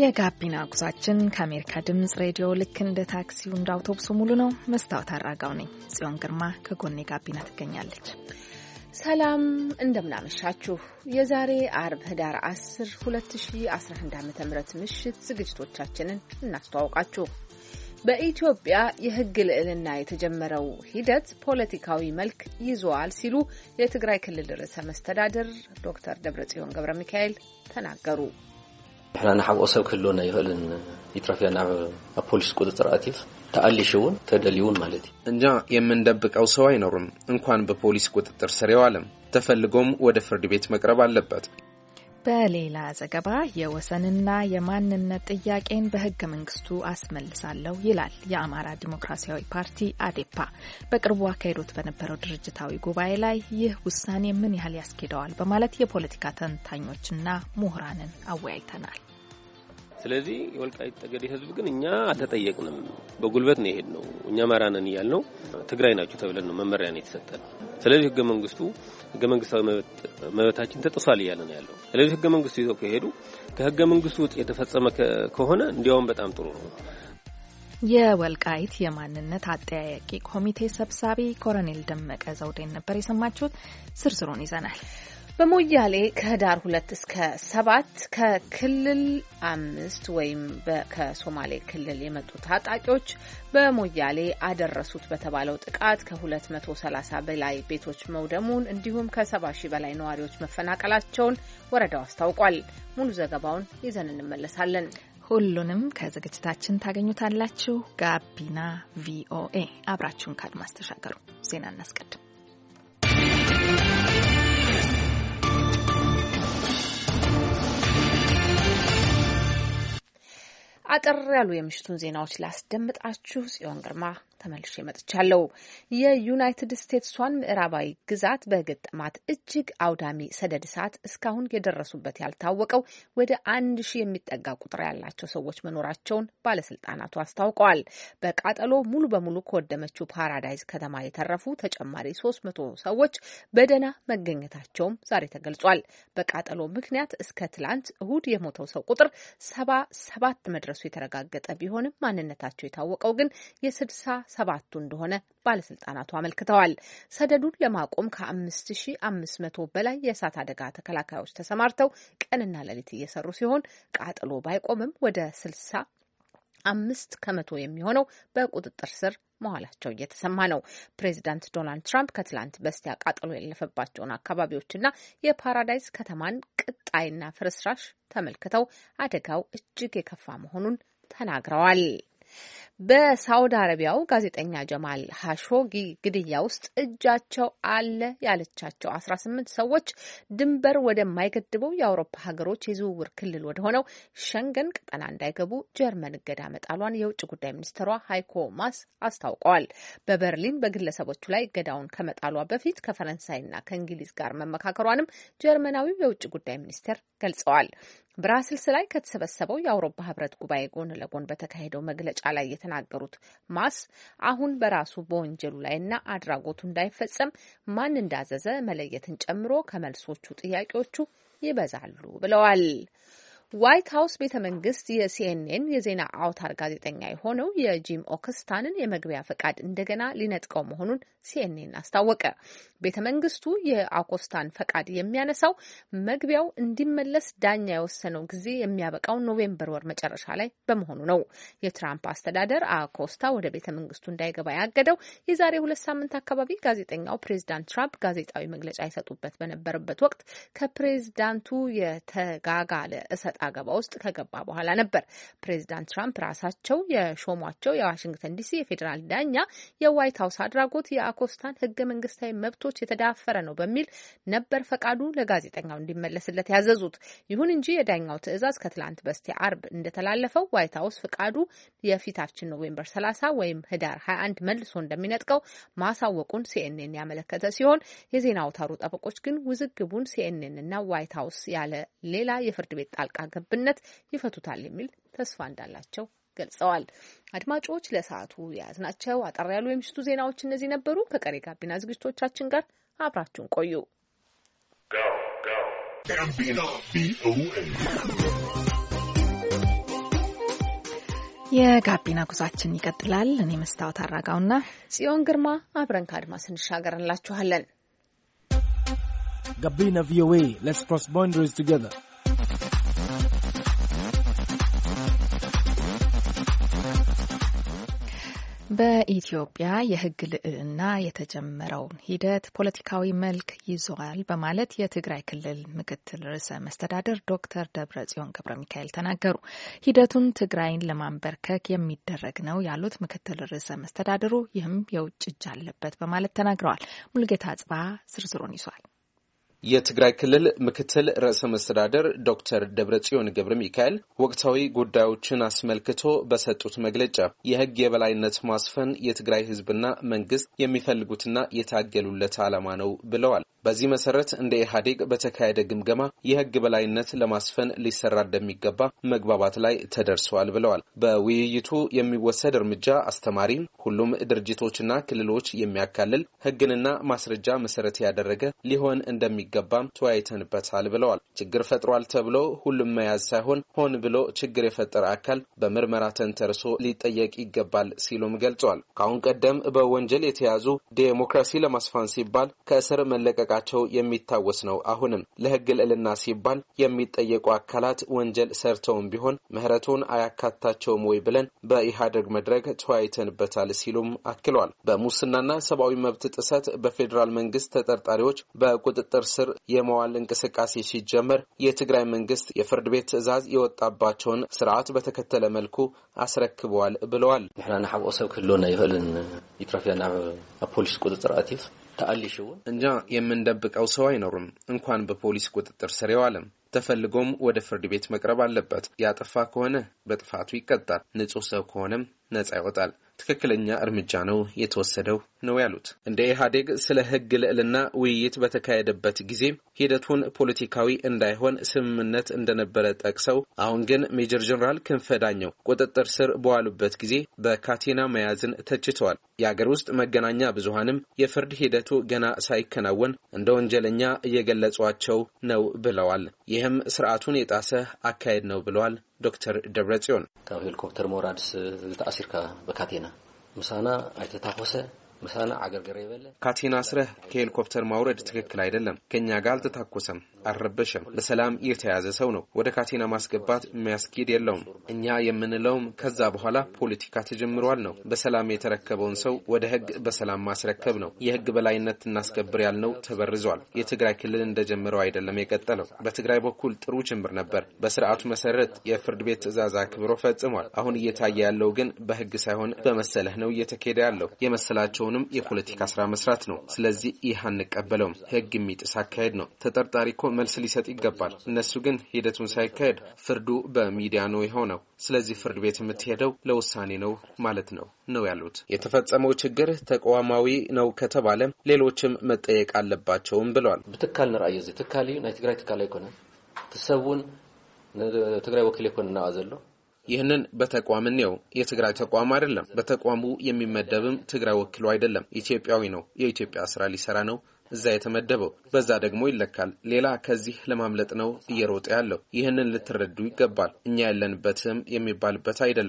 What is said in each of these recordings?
የጋቢና ጉዛችን ከአሜሪካ ድምፅ ሬዲዮ ልክ እንደ ታክሲው እንደ አውቶቡሱ ሙሉ ነው። መስታወት አራጋው ነኝ። ጽዮን ግርማ ከጎኔ ጋቢና ትገኛለች። ሰላም እንደምናመሻችሁ። የዛሬ አርብ ህዳር 10 2011 ዓ ም ምሽት ዝግጅቶቻችንን እናስተዋውቃችሁ። በኢትዮጵያ የሕግ ልዕልና የተጀመረው ሂደት ፖለቲካዊ መልክ ይዘዋል ሲሉ የትግራይ ክልል ርዕሰ መስተዳድር ዶክተር ደብረጽዮን ገብረ ሚካኤል ተናገሩ። ሕና ንሓብኦ ሰብ ክህልወና ይኽእልን ኢትራፊያ ናብ ኣብ ፖሊስ ቁጥጥር ኣቲፍ ተኣሊሽ እውን ተደልይውን ማለት እዩ እንጃ የምንደብቀው ሰው አይኖርም። እንኳን በፖሊስ ቁጥጥር ስር የዋለም ተፈልጎም ወደ ፍርድ ቤት መቅረብ አለበት። በሌላ ዘገባ የወሰንና የማንነት ጥያቄን በህገ መንግስቱ አስመልሳለሁ ይላል የአማራ ዲሞክራሲያዊ ፓርቲ አዴፓ። በቅርቡ አካሂዶት በነበረው ድርጅታዊ ጉባኤ ላይ ይህ ውሳኔ ምን ያህል ያስኬደዋል በማለት የፖለቲካ ተንታኞችና ምሁራንን አወያይተናል። ስለዚህ የወልቃይት ጠገዴ ህዝብ ግን እኛ አልተጠየቅንም። በጉልበት ነው ነው እኛ አማራ ነን ነው ትግራይ ናቸው ተብለን ነው መመሪያ ነው የተሰጠን። ስለዚህ ህገ መንግስቱ ህገ መንግስታዊ መብታችን ተጥሷል እያለ ነው ያለው። ስለዚህ ህገ መንግስቱ ይዘው ከሄዱ ከህገ መንግስቱ ውጭ የተፈጸመ ከሆነ እንዲያውም በጣም ጥሩ ነው። የወልቃይት የማንነት አጠያያቂ ኮሚቴ ሰብሳቢ ኮሎኔል ደመቀ ዘውዴን ነበር የሰማችሁት። ዝርዝሩን ይዘናል። በሞያሌ ከህዳር ሁለት እስከ ሰባት ከክልል አምስት ወይም ከሶማሌ ክልል የመጡ ታጣቂዎች በሞያሌ አደረሱት በተባለው ጥቃት ከ230 በላይ ቤቶች መውደሙን እንዲሁም ከ70 በላይ ነዋሪዎች መፈናቀላቸውን ወረዳው አስታውቋል። ሙሉ ዘገባውን ይዘን እንመለሳለን። ሁሉንም ከዝግጅታችን ታገኙታላችሁ። ጋቢና ቪኦኤ አብራችሁን ካድማስ ተሻገሩ። ዜና እናስቀድም። አጠር ያሉ የምሽቱን ዜናዎች ላስደምጣችሁ። ጽዮን ግርማ ተመልሼ መጥቻለሁ። የዩናይትድ ስቴትሷን ምዕራባዊ ግዛት በገጠማት እጅግ አውዳሚ ሰደድ እሳት እስካሁን የደረሱበት ያልታወቀው ወደ አንድ ሺህ የሚጠጋ ቁጥር ያላቸው ሰዎች መኖራቸውን ባለስልጣናቱ አስታውቀዋል። በቃጠሎ ሙሉ በሙሉ ከወደመችው ፓራዳይዝ ከተማ የተረፉ ተጨማሪ ሶስት መቶ ሰዎች በደህና መገኘታቸውም ዛሬ ተገልጿል። በቃጠሎ ምክንያት እስከ ትላንት እሁድ የሞተው ሰው ቁጥር ሰባ ሰባት መድረሱ የተረጋገጠ ቢሆንም ማንነታቸው የታወቀው ግን የስድሳ ሰባቱ እንደሆነ ባለስልጣናቱ አመልክተዋል። ሰደዱን ለማቆም ከ5500 በላይ የእሳት አደጋ ተከላካዮች ተሰማርተው ቀንና ሌሊት እየሰሩ ሲሆን ቃጠሎ ባይቆምም ወደ 60 አምስት ከመቶ የሚሆነው በቁጥጥር ስር መዋላቸው እየተሰማ ነው። ፕሬዚዳንት ዶናልድ ትራምፕ ከትላንት በስቲያ ቃጠሎ ያለፈባቸውን አካባቢዎችና የፓራዳይዝ ከተማን ቅጣይና ፍርስራሽ ተመልክተው አደጋው እጅግ የከፋ መሆኑን ተናግረዋል። በሳውዲ አረቢያው ጋዜጠኛ ጀማል ሀሾጊ ግድያ ውስጥ እጃቸው አለ ያለቻቸው አስራ ስምንት ሰዎች ድንበር ወደማይገድበው የአውሮፓ ሀገሮች የዝውውር ክልል ወደ ሆነው ሸንገን ቀጠና እንዳይገቡ ጀርመን እገዳ መጣሏን የውጭ ጉዳይ ሚኒስትሯ ሃይኮ ማስ አስታውቀዋል። በበርሊን በግለሰቦቹ ላይ እገዳውን ከመጣሏ በፊት ከፈረንሳይና ከእንግሊዝ ጋር መመካከሯንም ጀርመናዊው የውጭ ጉዳይ ሚኒስቴር ገልጸዋል። ብራስልስ ላይ ከተሰበሰበው የአውሮፓ ህብረት ጉባኤ ጎን ለጎን በተካሄደው መግለጫ ላይ የተናገሩት ማስ አሁን በራሱ በወንጀሉ ላይና አድራጎቱ እንዳይፈጸም ማን እንዳዘዘ መለየትን ጨምሮ ከመልሶቹ ጥያቄዎቹ ይበዛሉ ብለዋል። ዋይት ሀውስ ቤተ መንግስት የሲኤንኤን የዜና አውታር ጋዜጠኛ የሆነው የጂም ኦክስታንን የመግቢያ ፈቃድ እንደገና ሊነጥቀው መሆኑን ሲኤንኤን አስታወቀ። ቤተ መንግስቱ የአኮስታን ፈቃድ የሚያነሳው መግቢያው እንዲመለስ ዳኛ የወሰነው ጊዜ የሚያበቃው ኖቬምበር ወር መጨረሻ ላይ በመሆኑ ነው። የትራምፕ አስተዳደር አኮስታ ወደ ቤተ መንግስቱ እንዳይገባ ያገደው የዛሬ ሁለት ሳምንት አካባቢ ጋዜጠኛው ፕሬዚዳንት ትራምፕ ጋዜጣዊ መግለጫ ይሰጡበት በነበረበት ወቅት ከፕሬዚዳንቱ የተጋጋለ እሰጥ ሰጣ ገባ ውስጥ ከገባ በኋላ ነበር ፕሬዚዳንት ትራምፕ ራሳቸው የሾሟቸው የዋሽንግተን ዲሲ የፌዴራል ዳኛ የዋይት ሀውስ አድራጎት የአኮስታን ህገ መንግስታዊ መብቶች የተዳፈረ ነው በሚል ነበር ፈቃዱ ለጋዜጠኛው እንዲመለስለት ያዘዙት። ይሁን እንጂ የዳኛው ትዕዛዝ ከትላንት በስቲያ አርብ እንደተላለፈው ዋይት ሀውስ ፈቃዱ የፊታችን ኖቬምበር 30 ወይም ህዳር 21 መልሶ እንደሚነጥቀው ማሳወቁን ሲኤንኤን ያመለከተ ሲሆን የዜና አውታሩ ጠበቆች ግን ውዝግቡን ሲኤንኤን እና ዋይት ሀውስ ያለ ሌላ የፍርድ ቤት ጣልቃ ገብነት ይፈቱታል የሚል ተስፋ እንዳላቸው ገልጸዋል። አድማጮች ለሰዓቱ የያዝናቸው አጠር ያሉ የምሽቱ ዜናዎች እነዚህ ነበሩ። ከቀሪ ጋቢና ዝግጅቶቻችን ጋር አብራችሁን ቆዩ። የጋቢና ጉዟችን ይቀጥላል። እኔ መስታወት አራጋውና ጽዮን ግርማ አብረን ከአድማስ እንሻገር እንላችኋለን። ጋቢና ቪኦኤ ሌትስ ክሮስ ቦንደሪስ ቱጌዘር በኢትዮጵያ የሕግ ልዕልና የተጀመረውን ሂደት ፖለቲካዊ መልክ ይዟል በማለት የትግራይ ክልል ምክትል ርዕሰ መስተዳደር ዶክተር ደብረ ጽዮን ገብረ ሚካኤል ተናገሩ። ሂደቱን ትግራይን ለማንበርከክ የሚደረግ ነው ያሉት ምክትል ርዕሰ መስተዳድሩ ይህም የውጭ እጅ አለበት በማለት ተናግረዋል። ሙልጌታ ጽባ ዝርዝሩን ይዟል። የትግራይ ክልል ምክትል ርዕሰ መስተዳደር ዶክተር ደብረጽዮን ገብረ ሚካኤል ወቅታዊ ጉዳዮችን አስመልክቶ በሰጡት መግለጫ የሕግ የበላይነት ማስፈን የትግራይ ሕዝብና መንግስት የሚፈልጉትና የታገሉለት ዓላማ ነው ብለዋል። በዚህ መሰረት እንደ ኢህአዴግ በተካሄደ ግምገማ የሕግ በላይነት ለማስፈን ሊሰራ እንደሚገባ መግባባት ላይ ተደርሰዋል ብለዋል። በውይይቱ የሚወሰድ እርምጃ አስተማሪ፣ ሁሉም ድርጅቶችና ክልሎች የሚያካልል ሕግንና ማስረጃ መሰረት ያደረገ ሊሆን እንደሚ እንደሚገባም ተወያይተንበታል ብለዋል። ችግር ፈጥሯል ተብሎ ሁሉም መያዝ ሳይሆን ሆን ብሎ ችግር የፈጠረ አካል በምርመራ ተንተርሶ ሊጠየቅ ይገባል ሲሉም ገልጿል። ከአሁን ቀደም በወንጀል የተያዙ ዴሞክራሲ ለማስፋን ሲባል ከእስር መለቀቃቸው የሚታወስ ነው። አሁንም ለህግ ልዕልና ሲባል የሚጠየቁ አካላት ወንጀል ሰርተውም ቢሆን ምህረቱን አያካታቸውም ወይ ብለን በኢህአደግ መድረክ ተወያይተንበታል ሲሉም አክሏል። በሙስናና ሰብአዊ መብት ጥሰት በፌዴራል መንግስት ተጠርጣሪዎች በቁጥጥር ስር የመዋል እንቅስቃሴ ሲጀመር የትግራይ መንግስት የፍርድ ቤት ትዕዛዝ የወጣባቸውን ስርዓት በተከተለ መልኩ አስረክበዋል ብለዋል። ንሕና ንሓብኦ ሰብ ክህልወና ይኽእልን ኢትራፊያ ናብ ፖሊስ ቁጥጥር ኣትዩስ ተኣሊሽ እውን እንጃ የምንደብቀው ሰው አይኖርም። እንኳን በፖሊስ ቁጥጥር ስር የዋለም ተፈልጎም ወደ ፍርድ ቤት መቅረብ አለበት። ያጠፋ ከሆነ በጥፋቱ ይቀጣል፣ ንጹህ ሰው ከሆነም ነጻ ይወጣል። ትክክለኛ እርምጃ ነው የተወሰደው ነው ያሉት። እንደ ኢህአዴግ ስለ ህግ ልዕልና ውይይት በተካሄደበት ጊዜ ሂደቱን ፖለቲካዊ እንዳይሆን ስምምነት እንደነበረ ጠቅሰው አሁን ግን ሜጀር ጀኔራል ክንፈ ዳኘው ቁጥጥር ስር በዋሉበት ጊዜ በካቴና መያዝን ተችተዋል። የአገር ውስጥ መገናኛ ብዙሃንም የፍርድ ሂደቱ ገና ሳይከናወን እንደ ወንጀለኛ እየገለጿቸው ነው ብለዋል። ይህም ስርዓቱን የጣሰ አካሄድ ነው ብለዋል ዶክተር ደብረጽዮን ካብ ሄሊኮፕተር ሞራድስ ዝተኣሲርካ በካቴና ምሳና ኣይተታኮሰ ካቴና ስረህ ከሄሊኮፕተር ማውረድ ትክክል አይደለም። ከእኛ ጋር አልተታኮሰም፣ አልረበሸም። በሰላም የተያዘ ሰው ነው። ወደ ካቴና ማስገባት የሚያስኬድ የለውም። እኛ የምንለውም ከዛ በኋላ ፖለቲካ ተጀምሯል ነው። በሰላም የተረከበውን ሰው ወደ ህግ በሰላም ማስረከብ ነው። የህግ በላይነት እናስከብር ያልነው ተበርዟል። የትግራይ ክልል እንደጀመረው አይደለም የቀጠለው። በትግራይ በኩል ጥሩ ጅምር ነበር። በስርዓቱ መሰረት የፍርድ ቤት ትዕዛዝ አክብሮ ፈጽሟል። አሁን እየታየ ያለው ግን በህግ ሳይሆን በመሰለህ ነው እየተካሄደ ያለው የመሰላቸው ያለውንም የፖለቲካ ስራ መስራት ነው። ስለዚህ ይህ አንቀበለውም፣ ህግ የሚጥስ አካሄድ ነው። ተጠርጣሪ እኮ መልስ ሊሰጥ ይገባል። እነሱ ግን ሂደቱን ሳይካሄድ ፍርዱ በሚዲያ ነው የሆነው። ስለዚህ ፍርድ ቤት የምትሄደው ለውሳኔ ነው ማለት ነው ነው ያሉት። የተፈጸመው ችግር ተቋማዊ ነው ከተባለ ሌሎችም መጠየቅ አለባቸውም ብለዋል። ብትካል ንርአየ ዚ ትካል እዩ ናይ ትግራይ ትካል አይኮነን ትሰውን ትግራይ ወኪል ይኮን እናዋ ዘሎ ይህንን በተቋም እንየው። የትግራይ ተቋም አይደለም። በተቋሙ የሚመደብም ትግራይ ወክሎ አይደለም። ኢትዮጵያዊ ነው። የኢትዮጵያ ስራ ሊሰራ ነው እዛ የተመደበው። በዛ ደግሞ ይለካል። ሌላ ከዚህ ለማምለጥ ነው እየሮጠ ያለው። ይህንን ልትረዱ ይገባል። እኛ ያለንበትም የሚባልበት አይደለም።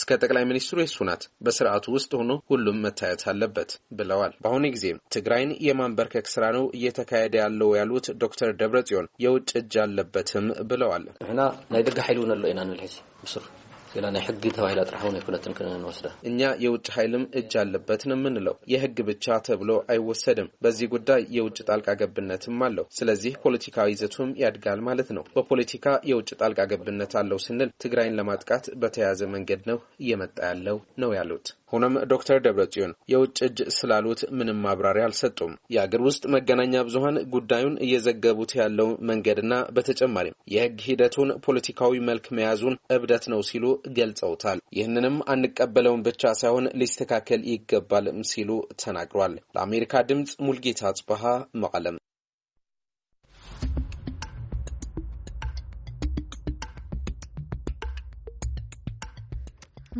እስከ ጠቅላይ ሚኒስትሩ የሱ ናት። በስርዓቱ ውስጥ ሆኖ ሁሉም መታየት አለበት ብለዋል። በአሁኑ ጊዜ ትግራይን የማንበርከክ ስራ ነው እየተካሄደ ያለው ያሉት ዶክተር ደብረ ጽዮን የውጭ እጅ አለበትም ብለዋል። ንሕና ናይ ደጋ ሓይል እውን ኣሎ ኢና ንብል ሕዚ ምስር ሌላ ናይ ሕጊ ተባሂላ ጥራሕ እውን ኣይኮነትን ክንወስዳ እኛ የውጭ ኃይልም እጅ አለበት የምንለው። የህግ ብቻ ተብሎ አይወሰድም። በዚህ ጉዳይ የውጭ ጣልቃ ገብነትም አለው። ስለዚህ ፖለቲካዊ ይዘቱም ያድጋል ማለት ነው። በፖለቲካ የውጭ ጣልቃ ገብነት አለው ስንል ትግራይን ለማጥቃት በተያያዘ መንገድ ነው እየመጣ ያለው ነው ያሉት። ሆኖም ዶክተር ደብረጽዮን የውጭ እጅ ስላሉት ምንም ማብራሪያ አልሰጡም። የአገር ውስጥ መገናኛ ብዙሀን ጉዳዩን እየዘገቡት ያለው መንገድና በተጨማሪም የህግ ሂደቱን ፖለቲካዊ መልክ መያዙን እብደት ነው ሲሉ ገልጸውታል። ይህንንም አንቀበለውም ብቻ ሳይሆን ሊስተካከል ይገባልም ሲሉ ተናግሯል። ለአሜሪካ ድምፅ ሙልጌታ አጽበሃ መቀለም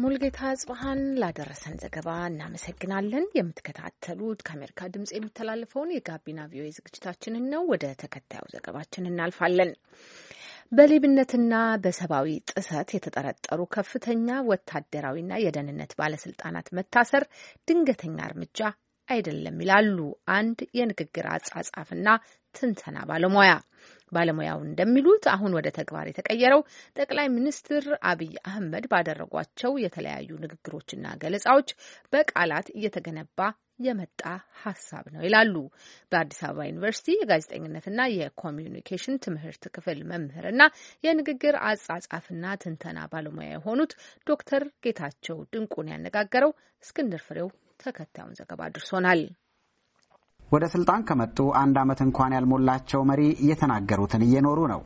ሙልጌታ ጽሃን ላደረሰን ዘገባ እናመሰግናለን። የምትከታተሉት ከአሜሪካ ድምጽ የሚተላለፈውን የጋቢና ቪኦኤ ዝግጅታችንን ነው። ወደ ተከታዩ ዘገባችን እናልፋለን። በሌብነትና በሰብአዊ ጥሰት የተጠረጠሩ ከፍተኛ ወታደራዊና የደህንነት ባለስልጣናት መታሰር ድንገተኛ እርምጃ አይደለም ይላሉ አንድ የንግግር አጻጻፍና ትንተና ባለሙያ። ባለሙያው እንደሚሉት አሁን ወደ ተግባር የተቀየረው ጠቅላይ ሚኒስትር አብይ አህመድ ባደረጓቸው የተለያዩ ንግግሮችና ገለጻዎች በቃላት እየተገነባ የመጣ ሀሳብ ነው ይላሉ። በአዲስ አበባ ዩኒቨርሲቲ የጋዜጠኝነትና የኮሚዩኒኬሽን ትምህርት ክፍል መምህርና የንግግር አጻጻፍና ትንተና ባለሙያ የሆኑት ዶክተር ጌታቸው ድንቁን ያነጋገረው እስክንድር ፍሬው ተከታዩን ዘገባ አድርሶናል። ወደ ስልጣን ከመጡ አንድ ዓመት እንኳን ያልሞላቸው መሪ እየተናገሩትን እየኖሩ ነው።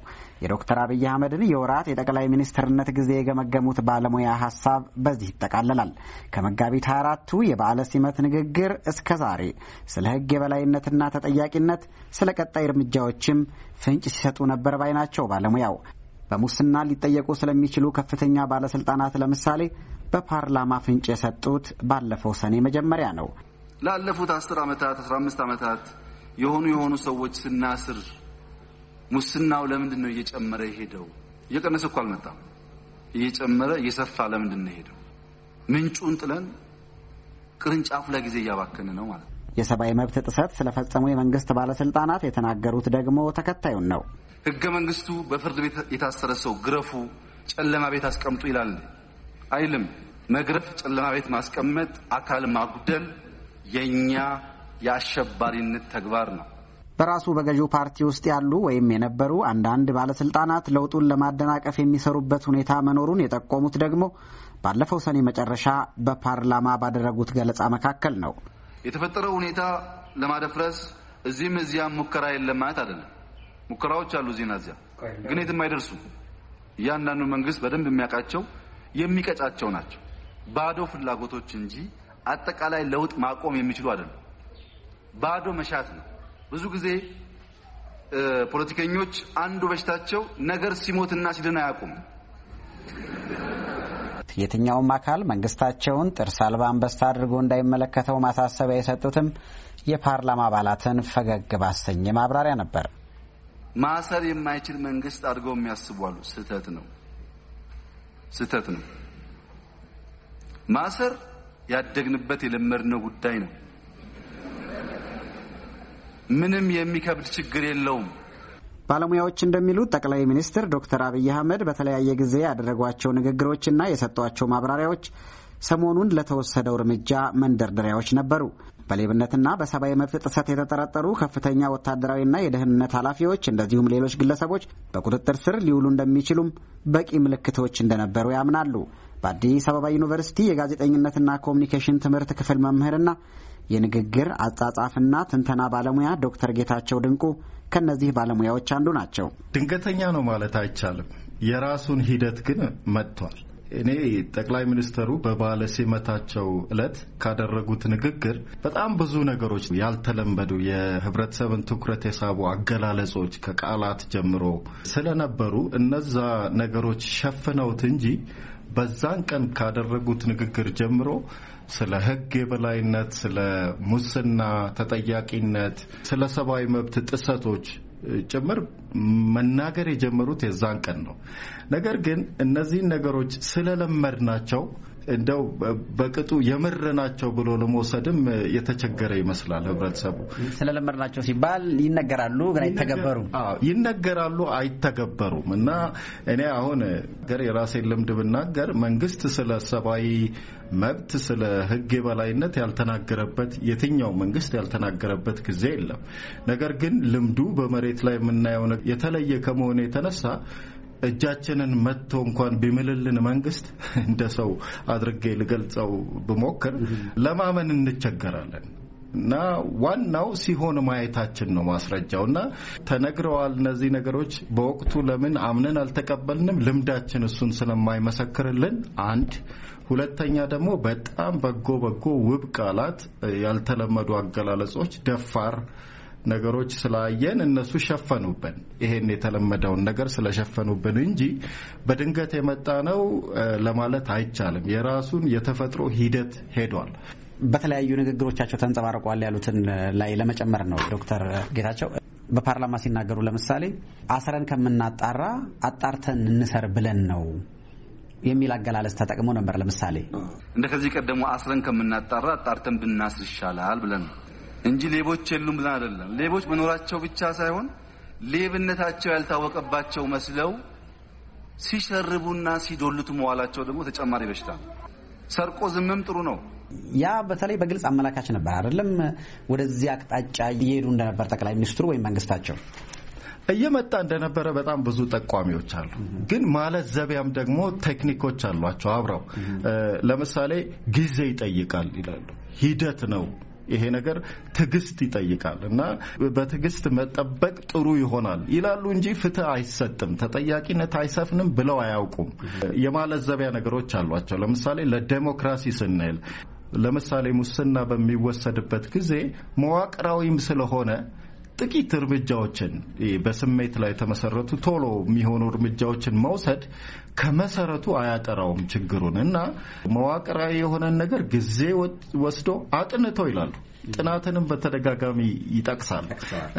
የዶክተር አብይ አህመድን የወራት የጠቅላይ ሚኒስትርነት ጊዜ የገመገሙት ባለሙያ ሀሳብ በዚህ ይጠቃለላል። ከመጋቢት 24ቱ የበዓለ ሲመት ንግግር እስከ ዛሬ ስለ ሕግ የበላይነትና ተጠያቂነት፣ ስለ ቀጣይ እርምጃዎችም ፍንጭ ሲሰጡ ነበር ባይ ናቸው ባለሙያው። በሙስና ሊጠየቁ ስለሚችሉ ከፍተኛ ባለስልጣናት ለምሳሌ በፓርላማ ፍንጭ የሰጡት ባለፈው ሰኔ መጀመሪያ ነው። ላለፉት አስር ዓመታት አስራ አምስት ዓመታት የሆኑ የሆኑ ሰዎች ስናስር ሙስናው ለምንድን ነው እየጨመረ የሄደው? እየቀነሰ እኮ አልመጣም። እየጨመረ እየሰፋ ለምንድን ነው የሄደው? ምንጩን ጥለን ቅርንጫፉ ላይ ጊዜ እያባከነ ነው ማለት ነው። የሰብአዊ መብት ጥሰት ስለፈጸሙ የመንግስት ባለስልጣናት የተናገሩት ደግሞ ተከታዩን ነው። ህገ መንግስቱ በፍርድ ቤት የታሰረ ሰው ግረፉ፣ ጨለማ ቤት አስቀምጡ ይላል አይልም። መግረፍ፣ ጨለማ ቤት ማስቀመጥ፣ አካል ማጉደል የእኛ የአሸባሪነት ተግባር ነው። በራሱ በገዢው ፓርቲ ውስጥ ያሉ ወይም የነበሩ አንዳንድ ባለስልጣናት ለውጡን ለማደናቀፍ የሚሰሩበት ሁኔታ መኖሩን የጠቆሙት ደግሞ ባለፈው ሰኔ መጨረሻ በፓርላማ ባደረጉት ገለጻ መካከል ነው። የተፈጠረው ሁኔታ ለማደፍረስ እዚህም እዚያም ሙከራ የለም ማለት አይደለም። ሙከራዎች አሉ እዚህና እዚያ፣ ግን የትም አይደርሱ። እያንዳንዱ መንግስት በደንብ የሚያውቃቸው የሚቀጫቸው ናቸው። ባዶ ፍላጎቶች እንጂ አጠቃላይ ለውጥ ማቆም የሚችሉ አይደሉም። ባዶ መሻት ነው። ብዙ ጊዜ ፖለቲከኞች አንዱ በሽታቸው ነገር ሲሞትና ሲድን አያውቁም። የትኛውም አካል መንግስታቸውን ጥርስ አልባ አንበሳ አድርጎ እንዳይመለከተው ማሳሰቢያ የሰጡትም የፓርላማ አባላትን ፈገግ ባሰኘ ማብራሪያ ነበር። ማሰር የማይችል መንግስት አድርገው የሚያስቧሉ ስህተት ነው፣ ስህተት ነው ማሰር ያደግንበት የለመድነው ጉዳይ ነው። ምንም የሚከብድ ችግር የለውም። ባለሙያዎች እንደሚሉት ጠቅላይ ሚኒስትር ዶክተር አብይ አህመድ በተለያየ ጊዜ ያደረጓቸው ንግግሮችና የሰጧቸው ማብራሪያዎች ሰሞኑን ለተወሰደው እርምጃ መንደርደሪያዎች ነበሩ። በሌብነትና በሰብአዊ መብት ጥሰት የተጠረጠሩ ከፍተኛ ወታደራዊና የደህንነት ኃላፊዎች እንደዚሁም ሌሎች ግለሰቦች በቁጥጥር ስር ሊውሉ እንደሚችሉም በቂ ምልክቶች እንደነበሩ ያምናሉ። በአዲስ አበባ ዩኒቨርሲቲ የጋዜጠኝነትና ኮሚኒኬሽን ትምህርት ክፍል መምህርና የንግግር አጻጻፍና ትንተና ባለሙያ ዶክተር ጌታቸው ድንቁ ከእነዚህ ባለሙያዎች አንዱ ናቸው። ድንገተኛ ነው ማለት አይቻልም። የራሱን ሂደት ግን መጥቷል። እኔ ጠቅላይ ሚኒስትሩ በባለ ሲመታቸው ዕለት ካደረጉት ንግግር በጣም ብዙ ነገሮች ያልተለመዱ የህብረተሰብን ትኩረት የሳቡ አገላለጾች ከቃላት ጀምሮ ስለነበሩ እነዛ ነገሮች ሸፍነውት እንጂ በዛን ቀን ካደረጉት ንግግር ጀምሮ ስለ ሕግ የበላይነት፣ ስለ ሙስና ተጠያቂነት፣ ስለ ሰብአዊ መብት ጥሰቶች ጭምር መናገር የጀመሩት የዛን ቀን ነው። ነገር ግን እነዚህን ነገሮች ስለለመድ ናቸው። እንደው በቅጡ የምር ናቸው ብሎ ለመውሰድም የተቸገረ ይመስላል ህብረተሰቡ። ስለለመድ ናቸው ሲባል ይነገራሉ፣ ግን አይተገበሩም። ይነገራሉ፣ አይተገበሩም። እና እኔ አሁን ገር የራሴን ልምድ ብናገር መንግስት ስለ ሰብአዊ መብት ስለ ህግ የበላይነት ያልተናገረበት የትኛው መንግስት ያልተናገረበት ጊዜ የለም። ነገር ግን ልምዱ በመሬት ላይ የምናየው የተለየ ከመሆኑ የተነሳ እጃችንን መጥቶ እንኳን ቢምልልን መንግስት እንደ ሰው አድርጌ ልገልጸው ብሞክር ለማመን እንቸገራለን። እና ዋናው ሲሆን ማየታችን ነው ማስረጃው። እና ተነግረዋል እነዚህ ነገሮች በወቅቱ ለምን አምነን አልተቀበልንም? ልምዳችን እሱን ስለማይመሰክርልን አንድ ሁለተኛ ደግሞ በጣም በጎ በጎ ውብ ቃላት፣ ያልተለመዱ አገላለጾች፣ ደፋር ነገሮች ስላየን እነሱ ሸፈኑብን። ይሄን የተለመደውን ነገር ስለሸፈኑብን እንጂ በድንገት የመጣ ነው ለማለት አይቻልም። የራሱን የተፈጥሮ ሂደት ሄዷል። በተለያዩ ንግግሮቻቸው ተንጸባርቋል ያሉትን ላይ ለመጨመር ነው ዶክተር ጌታቸው በፓርላማ ሲናገሩ ለምሳሌ አስረን ከምናጣራ አጣርተን እንሰር ብለን ነው የሚል አገላለጽ ተጠቅሞ ነበር። ለምሳሌ እንደ ከዚህ ቀደሙ አስረን ከምናጣራ አጣርተን ብናስር ይሻላል ብለን ነው እንጂ ሌቦች የሉም ብለን አይደለም። ሌቦች መኖራቸው ብቻ ሳይሆን ሌብነታቸው ያልታወቀባቸው መስለው ሲሸርቡና ሲዶሉት መዋላቸው ደግሞ ተጨማሪ በሽታ ነው። ሰርቆ ዝምም ጥሩ ነው። ያ በተለይ በግልጽ አመላካች ነበር አይደለም? ወደዚህ አቅጣጫ እየሄዱ እንደነበር ጠቅላይ ሚኒስትሩ ወይም መንግስታቸው እየመጣ እንደነበረ በጣም ብዙ ጠቋሚዎች አሉ። ግን ማለት ዘቢያም ደግሞ ቴክኒኮች አሏቸው አብረው። ለምሳሌ ጊዜ ይጠይቃል ይላሉ። ሂደት ነው ይሄ ነገር ትዕግስት ይጠይቃል እና በትዕግስት መጠበቅ ጥሩ ይሆናል ይላሉ እንጂ ፍትህ አይሰጥም፣ ተጠያቂነት አይሰፍንም ብለው አያውቁም። የማለዘቢያ ነገሮች አሏቸው። ለምሳሌ ለዴሞክራሲ ስንል ለምሳሌ ሙስና በሚወሰድበት ጊዜ መዋቅራዊም ስለሆነ ጥቂት እርምጃዎችን በስሜት ላይ የተመሰረቱ ቶሎ የሚሆኑ እርምጃዎችን መውሰድ ከመሰረቱ አያጠራውም ችግሩን እና መዋቅራዊ የሆነን ነገር ጊዜ ወስዶ አጥንተው ይላሉ። ጥናትንም በተደጋጋሚ ይጠቅሳል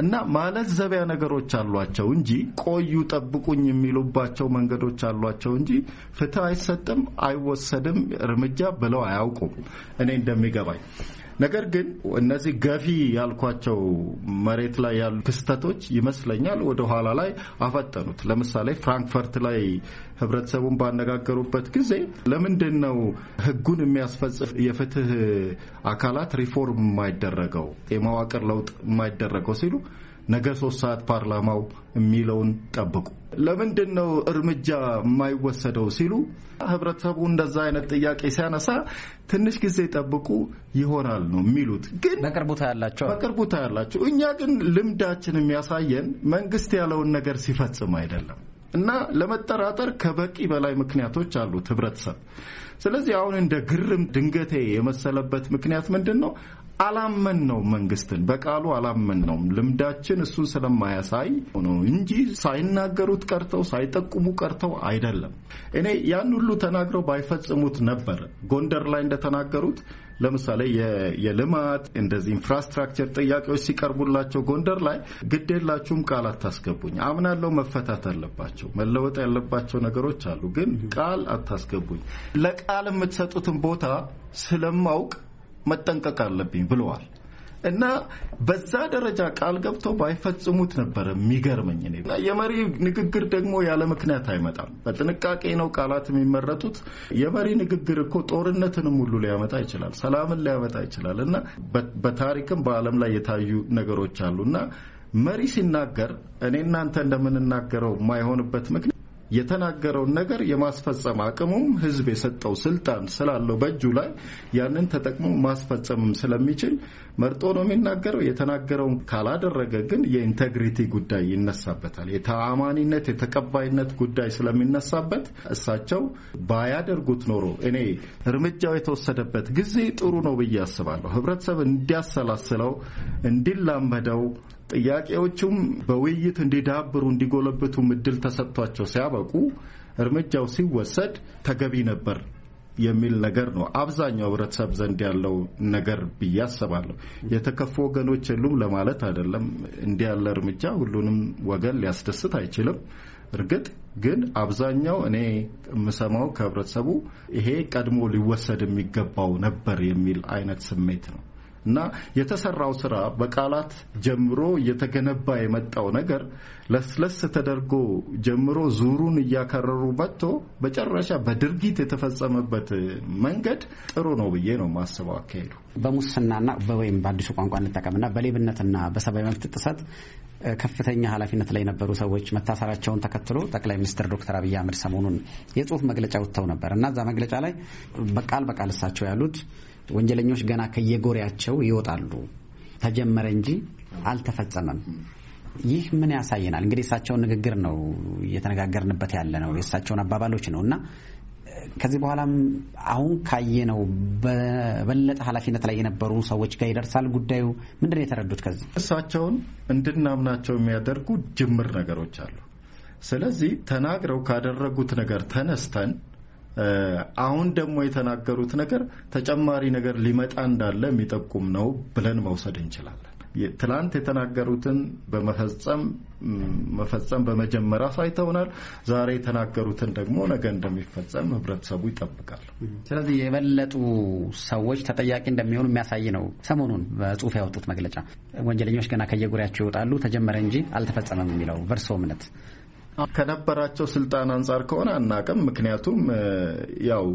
እና ማለት ዘቢያ ነገሮች አሏቸው እንጂ ቆዩ ጠብቁኝ የሚሉባቸው መንገዶች አሏቸው እንጂ ፍትህ አይሰጥም፣ አይወሰድም እርምጃ ብለው አያውቁም እኔ እንደሚገባኝ ነገር ግን እነዚህ ገፊ ያልኳቸው መሬት ላይ ያሉ ክስተቶች ይመስለኛል ወደ ኋላ ላይ አፈጠኑት። ለምሳሌ ፍራንክፈርት ላይ ህብረተሰቡን ባነጋገሩበት ጊዜ ለምንድን ነው ህጉን የሚያስፈጽፍ የፍትህ አካላት ሪፎርም የማይደረገው የመዋቅር ለውጥ የማይደረገው ሲሉ ነገ ሶስት ሰዓት ፓርላማው የሚለውን ጠብቁ። ለምንድን ነው እርምጃ የማይወሰደው ሲሉ ህብረተሰቡ እንደዛ አይነት ጥያቄ ሲያነሳ ትንሽ ጊዜ ጠብቁ ይሆናል ነው የሚሉት። ግን በቅርቡ ያላቸው በቅርቡ ታያላቸው። እኛ ግን ልምዳችን የሚያሳየን መንግስት ያለውን ነገር ሲፈጽም አይደለም እና ለመጠራጠር ከበቂ በላይ ምክንያቶች አሉት ህብረተሰብ። ስለዚህ አሁን እንደ ግርም ድንገቴ የመሰለበት ምክንያት ምንድን ነው? አላመን ነው መንግስትን በቃሉ አላመን ነው ልምዳችን እሱን ስለማያሳይ ነው እንጂ ሳይናገሩት ቀርተው ሳይጠቁሙ ቀርተው አይደለም። እኔ ያን ሁሉ ተናግረው ባይፈጽሙት ነበር ጎንደር ላይ እንደተናገሩት ለምሳሌ የልማት እንደዚህ ኢንፍራስትራክቸር ጥያቄዎች ሲቀርቡላቸው ጎንደር ላይ የላችሁም ቃል አታስገቡኝ፣ አምናለው መፈታት አለባቸው መለወጥ ያለባቸው ነገሮች አሉ፣ ግን ቃል አታስገቡኝ። ለቃል የምትሰጡትን ቦታ ስለማውቅ መጠንቀቅ አለብኝ ብለዋል። እና በዛ ደረጃ ቃል ገብተው ባይፈጽሙት ነበር የሚገርመኝ። የመሪ ንግግር ደግሞ ያለ ምክንያት አይመጣም። በጥንቃቄ ነው ቃላት የሚመረጡት። የመሪ ንግግር እኮ ጦርነትንም ሁሉ ሊያመጣ ይችላል፣ ሰላምን ሊያመጣ ይችላል። እና በታሪክም በዓለም ላይ የታዩ ነገሮች አሉ እና መሪ ሲናገር እኔ እናንተ እንደምንናገረው የማይሆንበት ምክንያት የተናገረውን ነገር የማስፈጸም አቅሙም ህዝብ የሰጠው ስልጣን ስላለው በእጁ ላይ ያንን ተጠቅሞ ማስፈጸምም ስለሚችል መርጦ ነው የሚናገረው። የተናገረውን ካላደረገ ግን የኢንቴግሪቲ ጉዳይ ይነሳበታል። የተአማኒነት የተቀባይነት ጉዳይ ስለሚነሳበት እሳቸው ባያደርጉት ኖሮ እኔ እርምጃው የተወሰደበት ጊዜ ጥሩ ነው ብዬ አስባለሁ። ህብረተሰብ እንዲያሰላስለው እንዲላመደው ጥያቄዎቹም በውይይት እንዲዳብሩ እንዲጎለብቱ ምድል ተሰጥቷቸው ሲያበቁ እርምጃው ሲወሰድ ተገቢ ነበር የሚል ነገር ነው አብዛኛው ህብረተሰብ ዘንድ ያለው ነገር ብዬ አስባለሁ። የተከፉ ወገኖች የሉም ለማለት አይደለም። እንዲህ ያለ እርምጃ ሁሉንም ወገን ሊያስደስት አይችልም። እርግጥ ግን አብዛኛው እኔ የምሰማው ከህብረተሰቡ ይሄ ቀድሞ ሊወሰድ የሚገባው ነበር የሚል አይነት ስሜት ነው። እና የተሰራው ስራ በቃላት ጀምሮ እየተገነባ የመጣው ነገር ለስለስ ተደርጎ ጀምሮ ዙሩን እያከረሩ መጥቶ በጨረሻ በድርጊት የተፈጸመበት መንገድ ጥሩ ነው ብዬ ነው ማስበው አካሄዱ። በሙስናና በወይም በአዲሱ ቋንቋ እንጠቀምና በሌብነትና በሰብአዊ መብት ጥሰት ከፍተኛ ኃላፊነት ላይ የነበሩ ሰዎች መታሰራቸውን ተከትሎ ጠቅላይ ሚኒስትር ዶክተር አብይ አህመድ ሰሞኑን የጽሁፍ መግለጫ ወጥተው ነበር እና እዛ መግለጫ ላይ በቃል በቃል እሳቸው ያሉት ወንጀለኞች ገና ከየጎሪያቸው ይወጣሉ። ተጀመረ እንጂ አልተፈጸመም። ይህ ምን ያሳየናል? እንግዲህ የእሳቸውን ንግግር ነው እየተነጋገርንበት ያለ ነው፣ የእሳቸውን አባባሎች ነው እና ከዚህ በኋላም አሁን ካየነው በበለጠ ኃላፊነት ላይ የነበሩ ሰዎች ጋር ይደርሳል ጉዳዩ። ምንድን ነው የተረዱት? ከዚህ እሳቸውን እንድናምናቸው የሚያደርጉ ጅምር ነገሮች አሉ። ስለዚህ ተናግረው ካደረጉት ነገር ተነስተን አሁን ደግሞ የተናገሩት ነገር ተጨማሪ ነገር ሊመጣ እንዳለ የሚጠቁም ነው ብለን መውሰድ እንችላለን። ትላንት የተናገሩትን በመፈጸም መፈጸም በመጀመሪያ አሳይተውናል። ዛሬ የተናገሩትን ደግሞ ነገ እንደሚፈጸም ህብረተሰቡ ይጠብቃል። ስለዚህ የበለጡ ሰዎች ተጠያቂ እንደሚሆኑ የሚያሳይ ነው። ሰሞኑን በጽሁፍ ያወጡት መግለጫ ወንጀለኞች ገና ከየጉሪያቸው ይወጣሉ፣ ተጀመረ እንጂ አልተፈጸመም የሚለው በእርስዎ እምነት ከነበራቸው ስልጣን አንጻር ከሆነ አናቅም ምክንያቱም ያው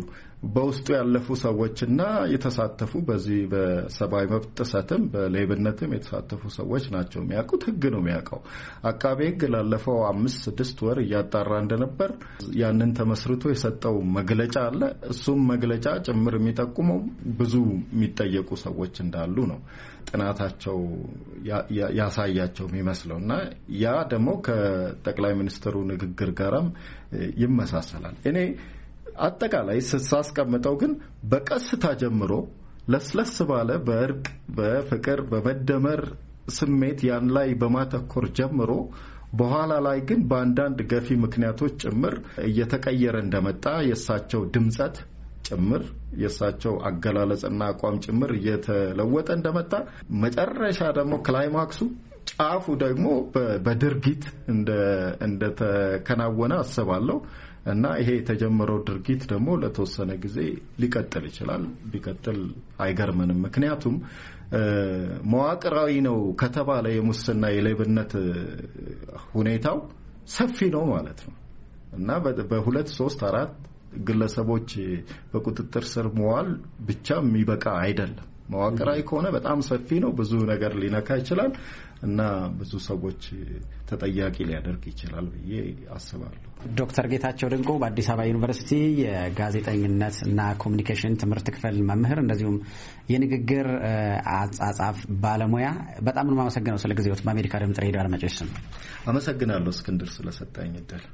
በውስጡ ያለፉ ሰዎችና የተሳተፉ በዚህ በሰብአዊ መብት ጥሰትም በሌብነትም የተሳተፉ ሰዎች ናቸው የሚያውቁት። ህግ ነው የሚያውቀው። አቃቤ ህግ ላለፈው አምስት ስድስት ወር እያጣራ እንደነበር ያንን ተመስርቶ የሰጠው መግለጫ አለ። እሱም መግለጫ ጭምር የሚጠቁመው ብዙ የሚጠየቁ ሰዎች እንዳሉ ነው ጥናታቸው ያሳያቸው የሚመስለው እና ያ ደግሞ ከጠቅላይ ሚኒስትሩ ንግግር ጋራም ይመሳሰላል እኔ አጠቃላይ ሳስቀምጠው ግን በቀስታ ጀምሮ ለስለስ ባለ በእርቅ፣ በፍቅር፣ በመደመር ስሜት ያን ላይ በማተኮር ጀምሮ በኋላ ላይ ግን በአንዳንድ ገፊ ምክንያቶች ጭምር እየተቀየረ እንደመጣ የእሳቸው ድምፀት ጭምር የእሳቸው አገላለጽና አቋም ጭምር እየተለወጠ እንደመጣ መጨረሻ ደግሞ ክላይማክሱ ጫፉ ደግሞ በድርጊት እንደተከናወነ አስባለሁ። እና ይሄ የተጀመረው ድርጊት ደግሞ ለተወሰነ ጊዜ ሊቀጥል ይችላል። ቢቀጥል አይገርምንም። ምክንያቱም መዋቅራዊ ነው ከተባለ የሙስና የሌብነት ሁኔታው ሰፊ ነው ማለት ነው እና በሁለት ሶስት አራት ግለሰቦች በቁጥጥር ስር መዋል ብቻ የሚበቃ አይደለም። መዋቅራዊ ከሆነ በጣም ሰፊ ነው። ብዙ ነገር ሊነካ ይችላል እና ብዙ ሰዎች ተጠያቂ ሊያደርግ ይችላል ብዬ አስባለሁ። ዶክተር ጌታቸው ድንቁ በአዲስ አበባ ዩኒቨርሲቲ የጋዜጠኝነት እና ኮሚኒኬሽን ትምህርት ክፍል መምህር እንደዚሁም የንግግር አጻጻፍ ባለሙያ በጣም ነው የማመሰግነው ስለ ጊዜዎት። በአሜሪካ ድምጽ ሬዲዮ አድማጮች ስም አመሰግናለሁ። እስክንድር ስለሰጠኝ እድል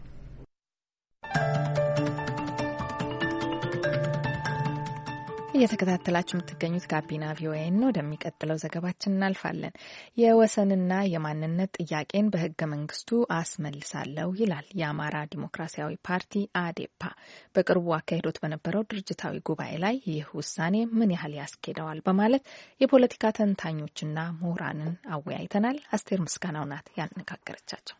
እየተከታተላችሁ የምትገኙት ጋቢና ቪኦኤን ነው። ወደሚቀጥለው ዘገባችን እናልፋለን። የወሰንና የማንነት ጥያቄን በህገ መንግስቱ አስመልሳለሁ ይላል የአማራ ዲሞክራሲያዊ ፓርቲ አዴፓ። በቅርቡ አካሂዶት በነበረው ድርጅታዊ ጉባኤ ላይ ይህ ውሳኔ ምን ያህል ያስኬደዋል በማለት የፖለቲካ ተንታኞችና ምሁራንን አወያይተናል። አስቴር ምስጋናው ናት ያነጋገረቻቸው።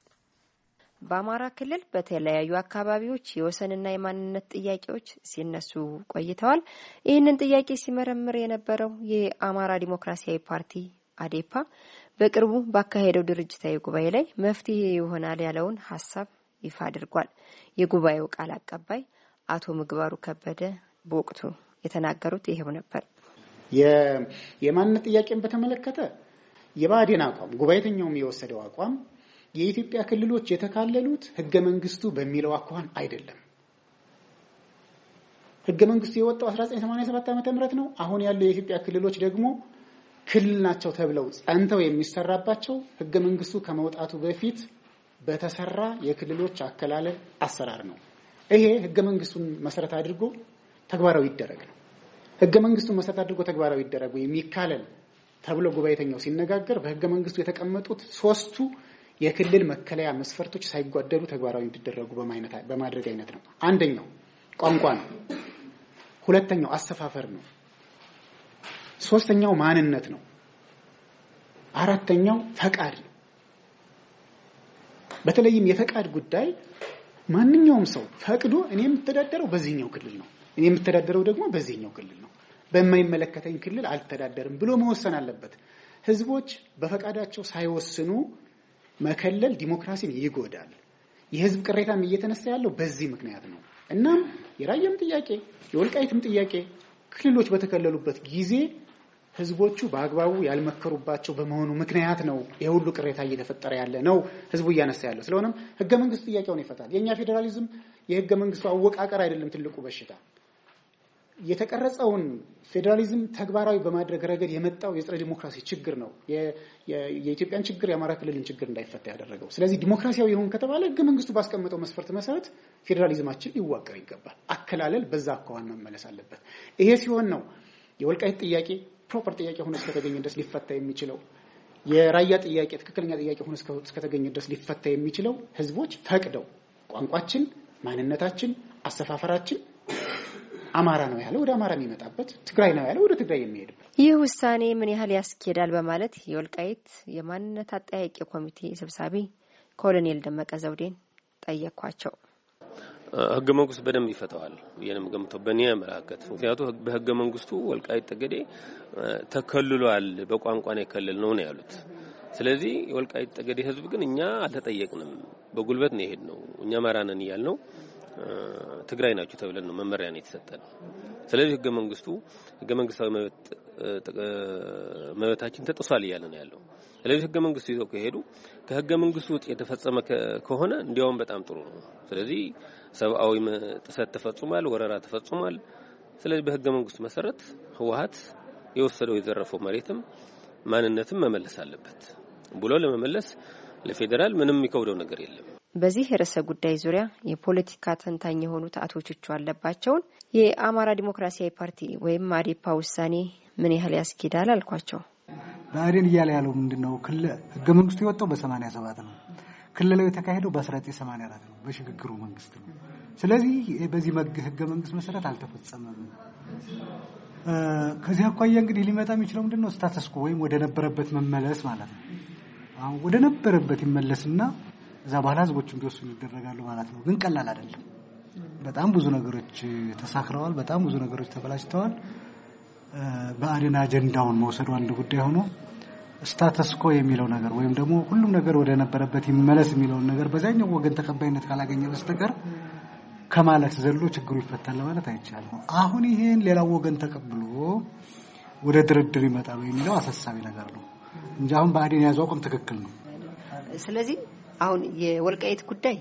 በአማራ ክልል በተለያዩ አካባቢዎች የወሰንና የማንነት ጥያቄዎች ሲነሱ ቆይተዋል። ይህንን ጥያቄ ሲመረምር የነበረው የአማራ ዲሞክራሲያዊ ፓርቲ አዴፓ በቅርቡ ባካሄደው ድርጅታዊ ጉባኤ ላይ መፍትሄ ይሆናል ያለውን ሀሳብ ይፋ አድርጓል። የጉባኤው ቃል አቀባይ አቶ ምግባሩ ከበደ በወቅቱ የተናገሩት ይሄው ነበር። የማንነት ጥያቄን በተመለከተ የባዴን አቋም ጉባኤተኛውም የወሰደው አቋም የኢትዮጵያ ክልሎች የተካለሉት ህገ መንግስቱ በሚለው አኳኋን አይደለም። ህገ መንግስቱ የወጣው 1987 ዓመተ ምህረት ነው። አሁን ያሉ የኢትዮጵያ ክልሎች ደግሞ ክልል ናቸው ተብለው ጸንተው የሚሰራባቸው ህገ መንግስቱ ከመውጣቱ በፊት በተሰራ የክልሎች አከላለል አሰራር ነው። ይሄ ህገ መንግስቱን መሰረት አድርጎ ተግባራዊ ይደረግ ነው። ህገ መንግስቱን መሰረት አድርጎ ተግባራዊ ይደረግ ወይም ይካለል ተብሎ ጉባኤተኛው ሲነጋገር በህገ መንግስቱ የተቀመጡት ሶስቱ የክልል መከለያ መስፈርቶች ሳይጓደሉ ተግባራዊ እንዲደረጉ በማድረግ አይነት ነው። አንደኛው ቋንቋ ነው። ሁለተኛው አስተፋፈር ነው። ሶስተኛው ማንነት ነው። አራተኛው ፈቃድ ነው። በተለይም የፈቃድ ጉዳይ ማንኛውም ሰው ፈቅዶ እኔ የምተዳደረው በዚህኛው ክልል ነው፣ እኔ የምተዳደረው ደግሞ በዚህኛው ክልል ነው፣ በማይመለከተኝ ክልል አልተዳደርም ብሎ መወሰን አለበት። ህዝቦች በፈቃዳቸው ሳይወስኑ መከለል ዲሞክራሲን ይጎዳል። የህዝብ ቅሬታም እየተነሳ ያለው በዚህ ምክንያት ነው። እናም የራየም ጥያቄ የወልቃይትም ጥያቄ ክልሎች በተከለሉበት ጊዜ ህዝቦቹ በአግባቡ ያልመከሩባቸው በመሆኑ ምክንያት ነው የሁሉ ቅሬታ እየተፈጠረ ያለ ነው ህዝቡ እያነሳ ያለው። ስለሆነም ህገ መንግስት ጥያቄውን ይፈታል። የእኛ ፌዴራሊዝም የህገ መንግስቱ አወቃቀር አይደለም ትልቁ በሽታ የተቀረጸውን ፌዴራሊዝም ተግባራዊ በማድረግ ረገድ የመጣው የጸረ ዲሞክራሲ ችግር ነው የኢትዮጵያን ችግር የአማራ ክልልን ችግር እንዳይፈታ ያደረገው። ስለዚህ ዲሞክራሲያዊ ይሁን ከተባለ ህገ መንግስቱ ባስቀመጠው መስፈርት መሰረት ፌዴራሊዝማችን ሊዋቀር ይገባል። አከላለል በዛ አኳኋን መመለስ አለበት። ይሄ ሲሆን ነው የወልቃይት ጥያቄ ፕሮፐር ጥያቄ ሆኖ እስከተገኘ ድረስ ሊፈታ የሚችለው የራያ ጥያቄ ትክክለኛ ጥያቄ ሆኖ እስከተገኘ ድረስ ሊፈታ የሚችለው ህዝቦች ፈቅደው ቋንቋችን፣ ማንነታችን፣ አሰፋፈራችን አማራ ነው ያለው ወደ አማራ የሚመጣበት፣ ትግራይ ነው ያለው ወደ ትግራይ የሚሄድበት። ይህ ውሳኔ ምን ያህል ያስኬዳል በማለት የወልቃይት የማንነት አጠያቂ ኮሚቴ ሰብሳቢ ኮሎኔል ደመቀ ዘውዴን ጠየኳቸው። ህገ መንግስቱ በደንብ ይፈተዋል። ይህንም ገምቶ በእኔ መለከት ምክንያቱ በህገ መንግስቱ ወልቃይት ጠገዴ ተከልሏል፣ በቋንቋን ነው የከልል ነው ነው ያሉት። ስለዚህ የወልቃይት ጠገዴ ህዝብ ግን እኛ አልተጠየቅንም፣ በጉልበት ነው የሄድ ነው እኛ አማራ ነን እያል ነው ትግራይ ናችሁ ተብለን ነው መመሪያ ነው የተሰጠን። ስለዚህ ህገ መንግስቱ ህገ መንግስታዊ መብታችን ተጥሷል እያለ ነው ያለው። ስለዚህ ህገ መንግስቱ ይዘው ከሄዱ ከህገ መንግስቱ ውጭ የተፈጸመ ከሆነ እንዲያውም በጣም ጥሩ ነው። ስለዚህ ሰብአዊ ጥሰት ተፈጽሟል፣ ወረራ ተፈጽሟል። ስለዚህ በህገ መንግስቱ መሰረት ህወሀት የወሰደው የዘረፈው መሬትም ማንነትም መመለስ አለበት ብሎ ለመመለስ ለፌዴራል ምንም የሚከብደው ነገር የለም። በዚህ ርዕሰ ጉዳይ ዙሪያ የፖለቲካ ተንታኝ የሆኑት አቶ ቹቹ አለባቸውን የአማራ ዲሞክራሲያዊ ፓርቲ ወይም አዴፓ ውሳኔ ምን ያህል ያስኬዳል አልኳቸው። ብአዴን እያለ ያለው ምንድን ነው? ህገ መንግስቱ የወጣው በሰማንያ ሰባት ነው። ክልላዊ የተካሄደው በ1984 ነው፣ በሽግግሩ መንግስት ነው። ስለዚህ በዚህ ህገ መንግስት መሰረት አልተፈጸመም። ከዚህ አኳያ እንግዲህ ሊመጣ የሚችለው ምንድነው? ስታተስኮ ወይም ወደ ነበረበት መመለስ ማለት ነው። ወደ ነበረበት ይመለስና እዛ በኋላ ህዝቦች እንዲወስኑ ይደረጋሉ ማለት ነው። ግን ቀላል አይደለም። በጣም ብዙ ነገሮች ተሳክረዋል። በጣም ብዙ ነገሮች ተበላሽተዋል። በአዴን አጀንዳውን መውሰዱ አንድ ጉዳይ ሆኖ ስታተስኮ የሚለው ነገር ወይም ደግሞ ሁሉም ነገር ወደ ነበረበት ይመለስ የሚለውን ነገር በዛኛው ወገን ተቀባይነት ካላገኘ በስተቀር ከማለት ዘሎ ችግሩ ይፈታል ለማለት አይቻልም። አሁን ይሄን ሌላው ወገን ተቀብሎ ወደ ድርድር ይመጣሉ የሚለው አሳሳቢ ነገር ነው እንጂ አሁን ብአዴን የያዘው አቋም ትክክል ነው። ስለዚህ አሁን የወልቃይት ጉዳይ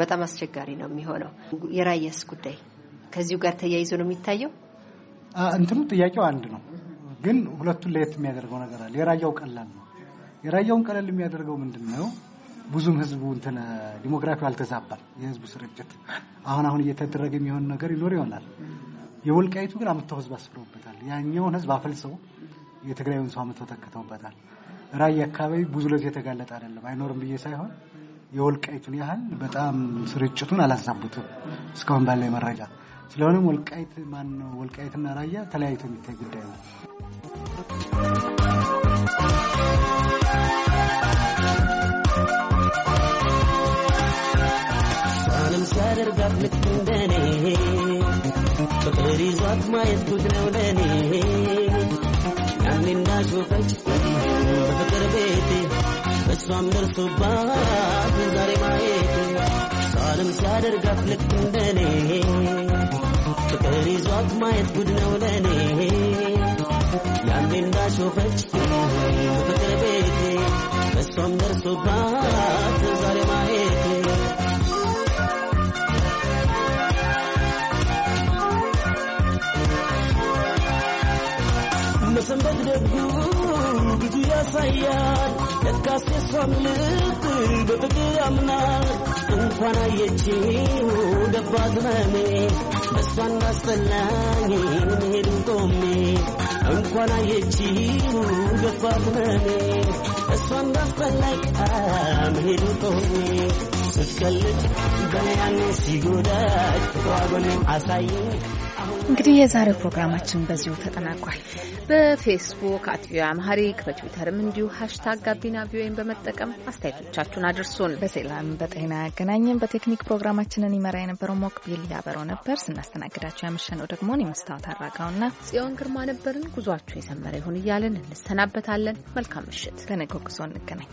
በጣም አስቸጋሪ ነው የሚሆነው። የራያስ ጉዳይ ከዚሁ ጋር ተያይዞ ነው የሚታየው። እንትኑ ጥያቄው አንድ ነው፣ ግን ሁለቱን ለየት የሚያደርገው ነገር አለ። የራያው ቀላል ነው። የራያውን ቀለል የሚያደርገው ምንድን ነው? ብዙም ህዝቡ እንትን ዲሞግራፊ አልተዛባል። የህዝቡ ስርጭት አሁን አሁን እየተደረገ የሚሆን ነገር ይኖር ይሆናል። የወልቃይቱ ግን አምጥተው ህዝብ አስፍረውበታል። ያኛውን ህዝብ አፈልሰው የትግራዩን ሰው አምጥተው ተክተውበታል። ራያ አካባቢ ብዙ ለዚህ የተጋለጠ አይደለም። አይኖርም ብዬ ሳይሆን የወልቃይቱን ያህል በጣም ስርጭቱን አላዛቡትም እስካሁን ባለ መረጃ። ስለሆነም ወልቃይት ማን ነው ወልቃይትና ራያ ተለያይቶ የሚታይ ጉዳይ ነው። ሳንም ሲያደርጋት ልክ እንደኔ ፍቅር ይዟት ማየት ጉድ ነው ለኔ ሱፈች በፍቅር ቤቴ እሷም ደርሶባት ዛሬ ማየቴ ሰዓለም ሲያደርጋት ልክ እንደኔ ፍቅር ይዟት ማየት ጉድ ነው ለኔ ያኔ እንዳሾፈች በፍቅር ቤቴ እሷም ደርሶባት ዛሬ ማየቴ በግደጉ ብዙ ያሳያል። ለካሴ ሷም ልብ በፍቅር አምናል። እንኳን አየችው ገባት መኔ በሷ ቆሜ እንኳን አየችው ቆሜ ዋጎኔም እንግዲህ የዛሬው ፕሮግራማችን በዚሁ ተጠናቋል። በፌስቡክ አት ቪኦኤ አምሃሪክ በትዊተርም እንዲሁ ሀሽታግ ጋቢና ቪኦኤን በመጠቀም አስተያየቶቻችሁን አድርሱን። በሰላም በጤና ያገናኘን። በቴክኒክ ፕሮግራማችንን ይመራ የነበረው ሞክቢል ያበረው ነበር። ስናስተናግዳቸው ያመሸነው ደግሞ የመስታወት አራጋውና ጽዮን ግርማ ነበርን። ጉዟችሁ የሰመረ ይሁን እያለን እንሰናበታለን። መልካም ምሽት። በነገው ጉዞ እንገናኝ።